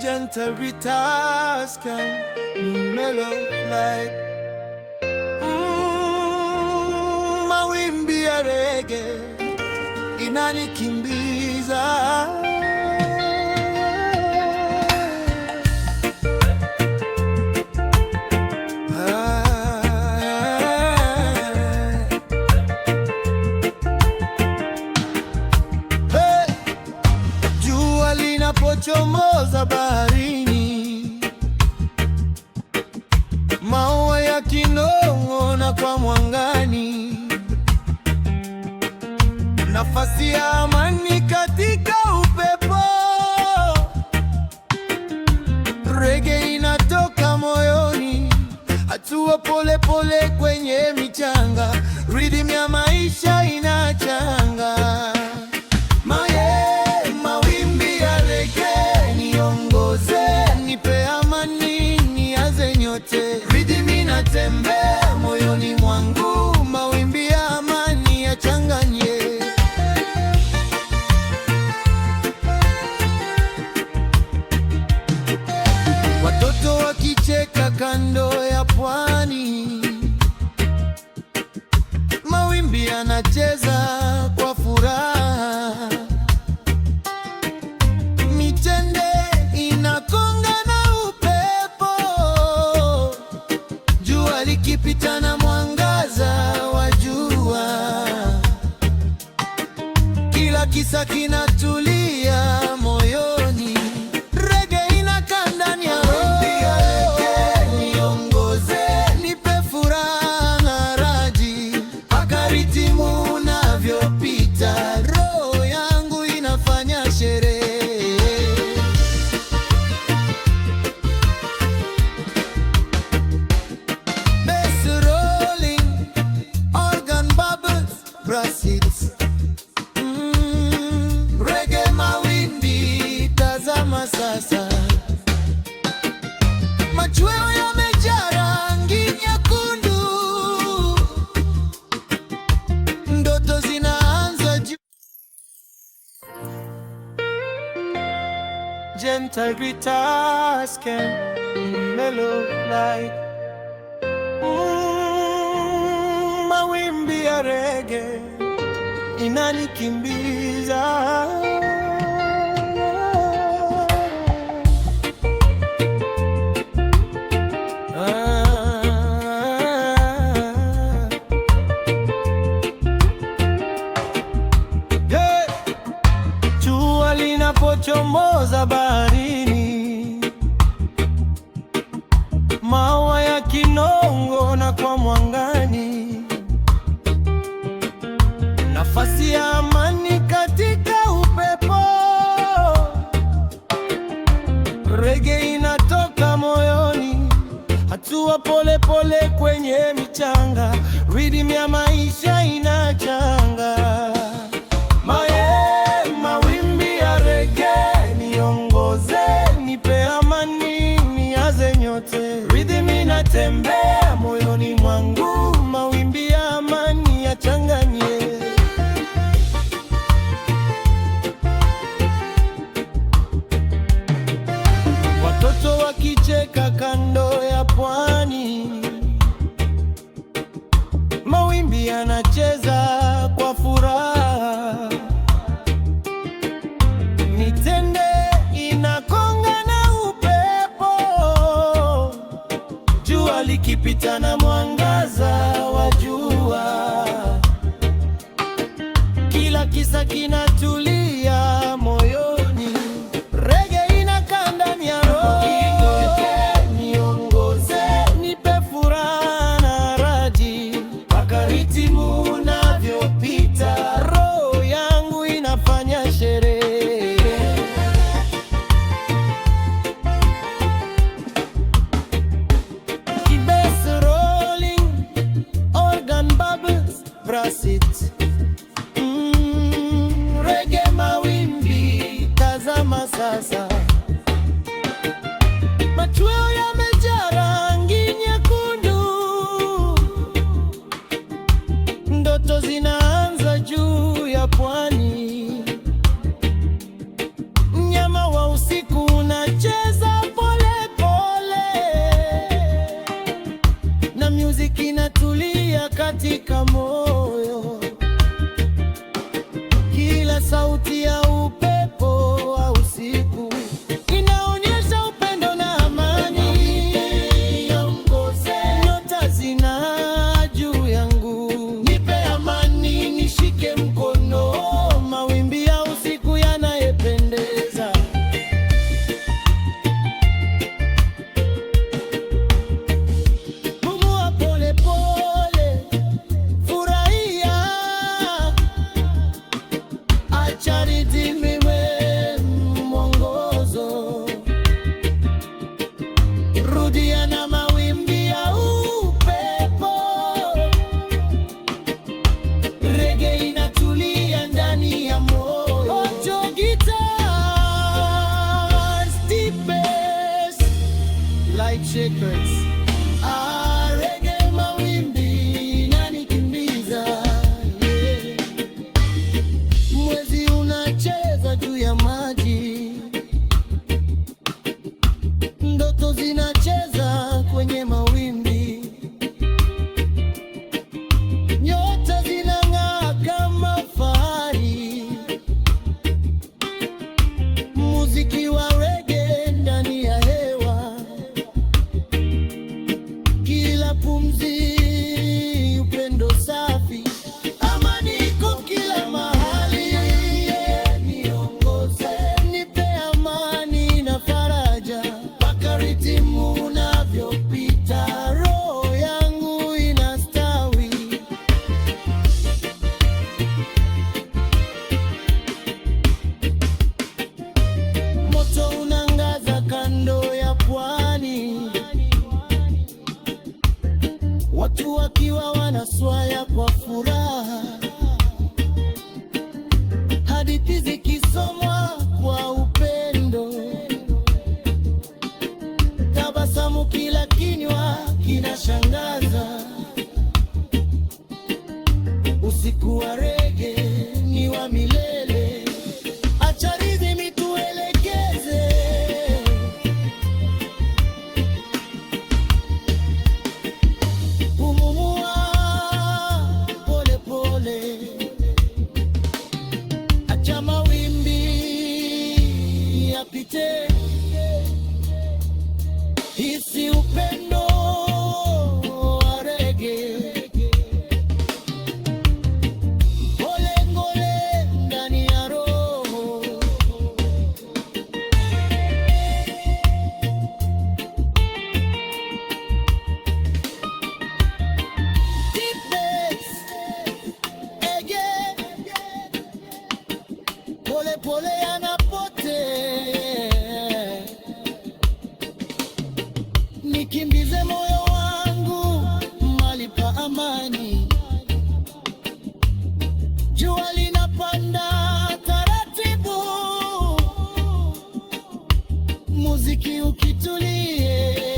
Gentle guitars can mellow like mm, mawimbi ya rege inanikimbiza পোলে পোলে yanacheza kwa furaha, mitende inakonga na upepo, jua likipita na mwangaza wa jua, kila kisa kina integritas que me look like mm, mawimbi ya rege inanikimbiza Kongo na kwa Mwangani, nafasi ya amani katika upepo, rege inatoka moyoni, hatua polepole kwenye michanga, rhythm ya ukipita na mwangaza wa jua, kila kisa kina music inatulia katika moyo wakiwa wanaswaya kwa furaha, hadithi zikisomwa kwa upendo, tabasamu kila kinywa kinashangaza, usiku wa usipite, upendo muziki ukitulie